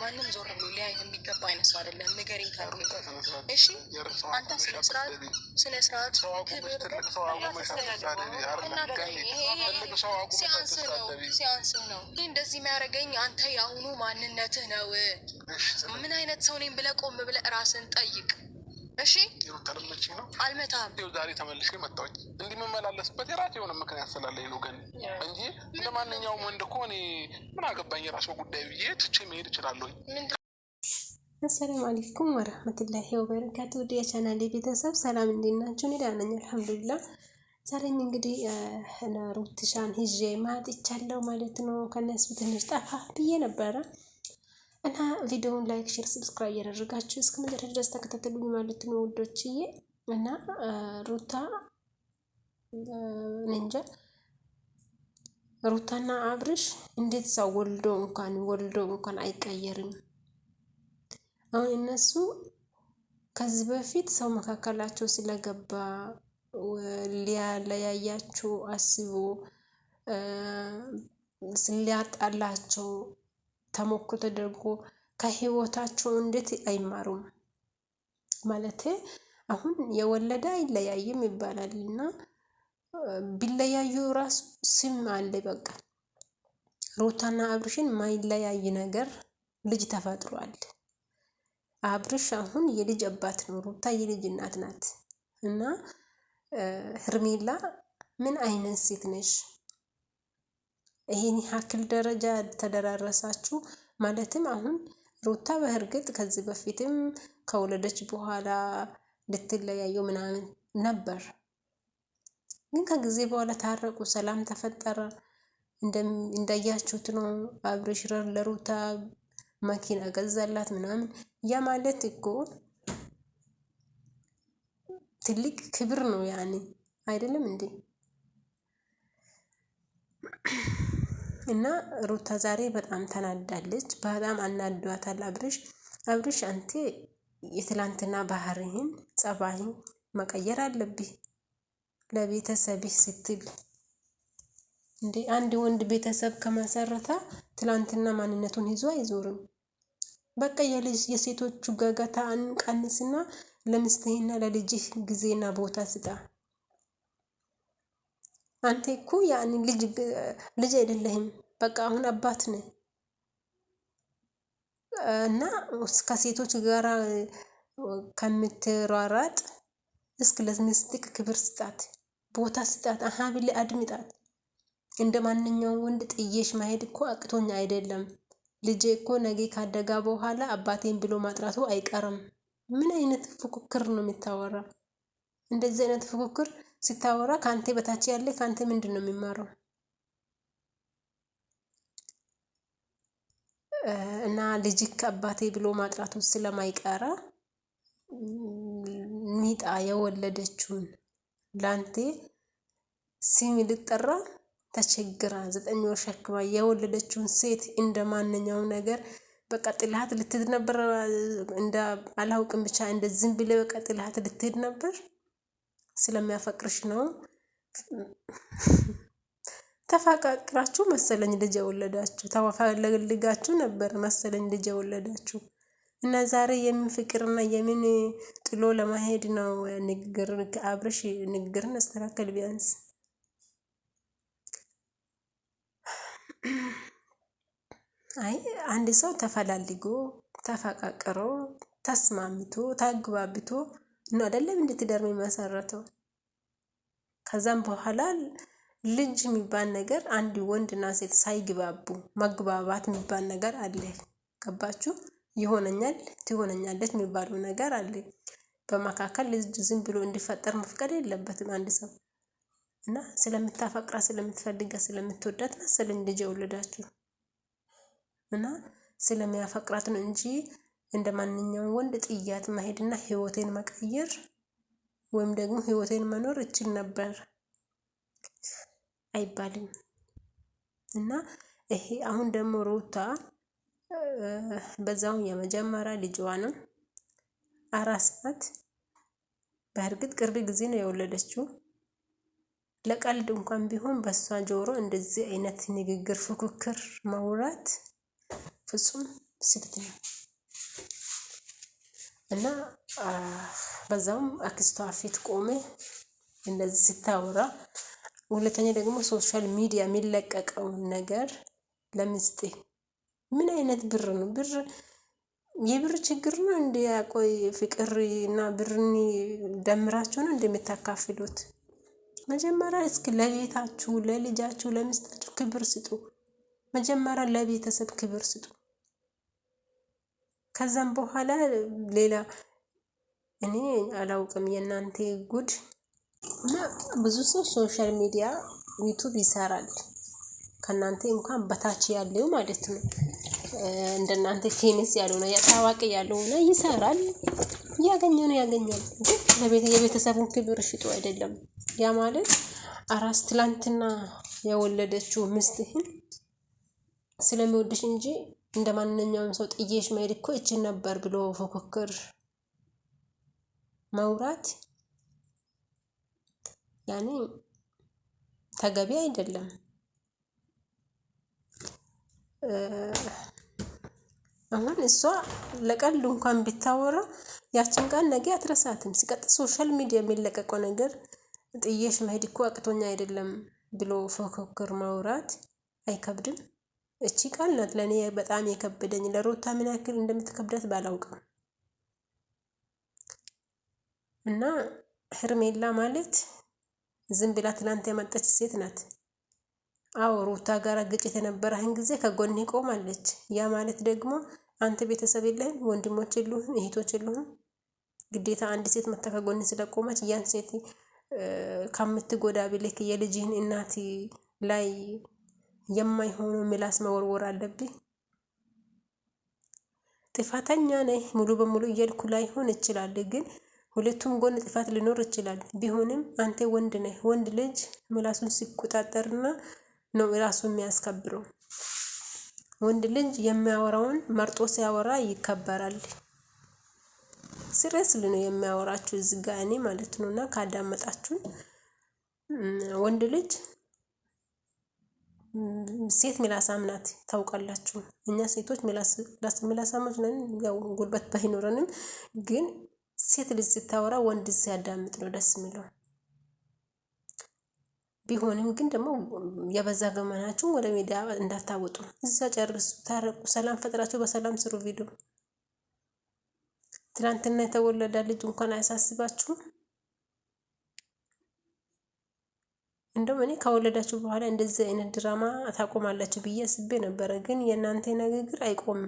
ማንም ዞር ብሎ ሊያይ የሚገባ አይነት ሰው አይደለም። ንገሪ ካሉ እሺ፣ አንተ ስነ ስርዓት ሲያንስ ነው ሲያንስ ነው። ይህ እንደዚህ የሚያደርገኝ አንተ የአሁኑ ማንነትህ ነው። ምን አይነት ሰው ነኝ ብለህ ቆም ብለህ ራስን ጠይቅ። እሺ ሩተርመች ነው አልመታም። ዛሬ ተመልሼ መጣሁኝ። እንዲመመላለስበት የምመላለስበት የራሴ የሆነ ምክንያት ስላለኝ ነው ግን እንጂ እንደ ማንኛውም ወንድ እኮ እኔ ምን አገባኝ የራሱ ጉዳይ ብዬ ትቼ መሄድ እችላለሁኝ። አሰላሙ አለይኩም ወረህመቱላሂ ወበረካቱ። ውድ የቻናሌ ቤተሰብ ሰላም እንዴት ናችሁ? እኔ ደህና ነኝ አልሐምዱሊላህ። ዛሬም እንግዲህ ሩትሻን ይዤ ማጥቻለሁ ማለት ነው። ከነሱ ትንሽ ጠፋ ብዬ ነበረ እና ቪዲዮውን ላይክ፣ ሼር፣ ሰብስክራይብ እያደረጋችሁ እስከ መጨረሻ ድረስ ተከታተሉኝ ማለት ነው ውዶችዬ። እና ሩታ እንጃ ሩታና አብርሽ እንዴት ሰው ወልዶ እንኳን ወልዶ እንኳን አይቀየርም። አሁን እነሱ ከዚህ በፊት ሰው መካከላቸው ስለገባ ሊያለያያቸው አስቦ ሊያጣላቸው ተሞክሮ ተደርጎ ከህይወታቸው እንዴት አይማሩም? ማለት አሁን የወለደ አይለያይም ይባላል እና ቢለያዩ ራሱ ስም አለ። በቃ ሩታና አብርሽን ማይለያይ ነገር ልጅ ተፈጥሯል። አብርሽ አሁን የልጅ አባት ነው፣ ሩታ የልጅ እናት ናት። እና ሄርሜላ ምን አይነት ሴት ነሽ? ይሄን ያክል ደረጃ ተደራረሳችሁ ማለትም አሁን ሩታ በእርግጥ ከዚህ በፊትም ከወለደች በኋላ ልትለያየው ምናምን ነበር፣ ግን ከጊዜ በኋላ ታረቁ፣ ሰላም ተፈጠረ። እንዳያችሁት ነው። አብርሽ ለሩታ መኪና ገዛላት ምናምን። ያ ማለት እኮ ትልቅ ክብር ነው ያኔ አይደለም እንዴ? እና ሩታ ዛሬ በጣም ተናዳለች። በጣም አናዷታል። አብርሽ አብርሽ አንቴ የትላንትና ባህርህን ጸባይን መቀየር አለብህ ለቤተሰብህ ስትል እንዴ አንድ ወንድ ቤተሰብ ከመሰረተ ትላንትና ማንነቱን ይዞ አይዞርም። በቃ የልጅ የሴቶቹ ጋጋታ አንቀንስና ለምስትህና ለልጅህ ጊዜና ቦታ ስጣ። አንተ እኮ ያን ልጅ ልጅ አይደለህም። በቃ አሁን አባት ነ እና ከሴቶች ጋራ ከምትሯራጥ እስክ ለሚስጥክ ክብር ስጣት፣ ቦታ ስጣት፣ አሀ አድምጣት። እንደ ማንኛውም ወንድ ጥዬሽ ማሄድ እኮ አቅቶኝ አይደለም። ልጄ እኮ ነገ ካደጋ በኋላ አባቴን ብሎ ማጥራቱ አይቀርም። ምን አይነት ፉክክር ነው የሚታወራ? እንደዚህ አይነት ፉክክር ስታወራ ከአንተ በታች ያለ ከአንተ ምንድን ነው የሚማረው? እና ልጅ ከአባቴ ብሎ ማጥራቱ ስለማይቀራ ሚጣ የወለደችውን ላንቴ ሲሚ ልጠራ ተቸግራ ዘጠኝ ወር ሸክማ የወለደችውን ሴት እንደ ማንኛው ነገር በቃ ጥላት ልትሄድ ነበር። እንደ አላውቅም ብቻ እንደ ዝም ብለ በቃ ጥላት ልትሄድ ነበር። ስለሚያፈቅርሽ ነው። ተፋቃቅራችሁ መሰለኝ ልጅ የወለዳችሁ ተፈላለጋችሁ ነበር መሰለኝ ልጅ የወለዳችሁ እና ዛሬ የምን ፍቅርና የምን ጥሎ ለማሄድ ነው ንግግር ከአብርሽ ንግግርን አስተካከል ቢያንስ አይ አንድ ሰው ተፈላልጎ ተፈቃቅሮ ተስማምቶ ታግባብቶ ነው አይደለም እንድትደርም የመሰረተው ከዛም በኋላ ልጅ የሚባል ነገር አንድ ወንድና ሴት ሳይግባቡ መግባባት የሚባል ነገር አለ። ገባችሁ? ይሆነኛል፣ ትሆነኛለች የሚባለው ነገር አለ። በመካከል ልጅ ዝም ብሎ እንዲፈጠር መፍቀድ የለበትም አንድ ሰው እና ስለምታፈቅራ ስለምትፈልገ ስለምትወዳት መሰለኝ ልጅ የወለዳችሁ እና ስለሚያፈቅራት ነው እንጂ እንደ ማንኛውም ወንድ ጥያት መሄድና ህይወቴን መቀየር ወይም ደግሞ ህይወቴን መኖር እችል ነበር። አይባልም። እና ይሄ አሁን ደግሞ ሩታ በዛውም የመጀመሪያ ልጅዋ ነው። አራስ ናት። በእርግጥ ቅርብ ጊዜ ነው የወለደችው። ለቀልድ እንኳን ቢሆን በእሷ ጆሮ እንደዚህ አይነት ንግግር፣ ፉክክር ማውራት ፍጹም ስልት ነው እና በዛውም አክስቷ ፊት ቆሜ እንደዚህ ስታወራ ሁለተኛ ደግሞ ሶሻል ሚዲያ የሚለቀቀውን ነገር ለምስጤ ምን አይነት ብር ነው? ብር የብር ችግር ነው እንዴ? ያቆይ ፍቅር እና ብርን ደምራችሁ ነው እንደምታካፍሉት? መጀመሪያ እስኪ ለቤታችሁ፣ ለልጃችሁ፣ ለምስጣችሁ ክብር ስጡ። መጀመሪያ ለቤተሰብ ክብር ስጡ። ከዛም በኋላ ሌላ እኔ አላውቅም የእናንተ ጉድ እና ብዙ ሰው ሶሻል ሚዲያ ዩቱብ ይሰራል። ከእናንተ እንኳን በታች ያለው ማለት ነው። እንደናንተ ፌመስ ያልሆነ ታዋቂ ነው ይሰራል። ያገኘው ነው ያገኛል። ግን ለቤተ የቤተሰቡን ክብር ሽጦ አይደለም። ያ ማለት አራስ ትላንትና የወለደችው ሚስትህን ስለሚወድሽ እንጂ እንደ ማንኛውም ሰው ጥዬሽ መሄድ እኮ ይችል ነበር ብሎ ፉክክር መውራት ያኔ ተገቢ አይደለም። አሁን እሷ ለቀልድ እንኳን ብታወራ ያችን ቃል ነገ አትረሳትም። ሲቀጥ ሶሻል ሚዲያ የሚለቀቀው ነገር ጥየሽ መሄድ እኮ አቅቶኛ አይደለም ብሎ ፎክክር ማውራት አይከብድም? እቺ ቃል ናት ለእኔ በጣም የከበደኝ። ለሮታ ምን ያክል እንደምትከብዳት ባላውቅም እና ሄርሜላ ማለት ዝም ብላ ትላንት የመጣች ሴት ናት። አዎ ሩታ ጋር ግጭት የነበረህን ጊዜ ከጎን ቆማለች። ያ ማለት ደግሞ አንተ ቤተሰብ የለህም፣ ወንድሞች የሉህም፣ እህቶች የሉህም። ግዴታ አንድ ሴት መታ ከጎን ስለቆመች ያን ሴት ከምትጎዳ ብልክ የልጅህን እናት ላይ የማይሆኑ ምላስ መወርወር አለብህ። ጥፋተኛ ነህ ሙሉ በሙሉ እያልኩ ላይሆን ይችላል ግን ሁለቱም ጎን ጥፋት ሊኖር ይችላል። ቢሆንም አንተ ወንድ ነህ። ወንድ ልጅ ምላሱን ሲቆጣጠርና ነው ራሱ የሚያስከብረው። ወንድ ልጅ የሚያወራውን መርጦ ሲያወራ ይከበራል። ሲሪየስሊ ነው የሚያወራችሁ እዚህ ጋ እኔ ማለት ነው። እና ወንድ ልጅ ሴት ምላሳም ናት ታውቃላችሁ። እኛ ሴቶች ምላሳሞች ነን። ያው ጉልበት ባይኖረንም ግን ሴት ልጅ ስታወራ ወንድ ሲያዳምጥ ነው ደስ የሚለው። ቢሆንም ግን ደግሞ የበዛ ገመናችሁን ወደ ሚዲያ እንዳታወጡ። እዛ ጨርሱ፣ ታረቁ፣ ሰላም ፈጥራችሁ በሰላም ስሩ ቪዲዮ። ትናንትና የተወለደ ልጅ እንኳን አያሳስባችሁም። እንደውም እኔ ከወለዳችሁ በኋላ እንደዚህ አይነት ድራማ ታቆማላችሁ ብዬ አስቤ ነበረ። ግን የእናንተ ንግግር አይቆምም።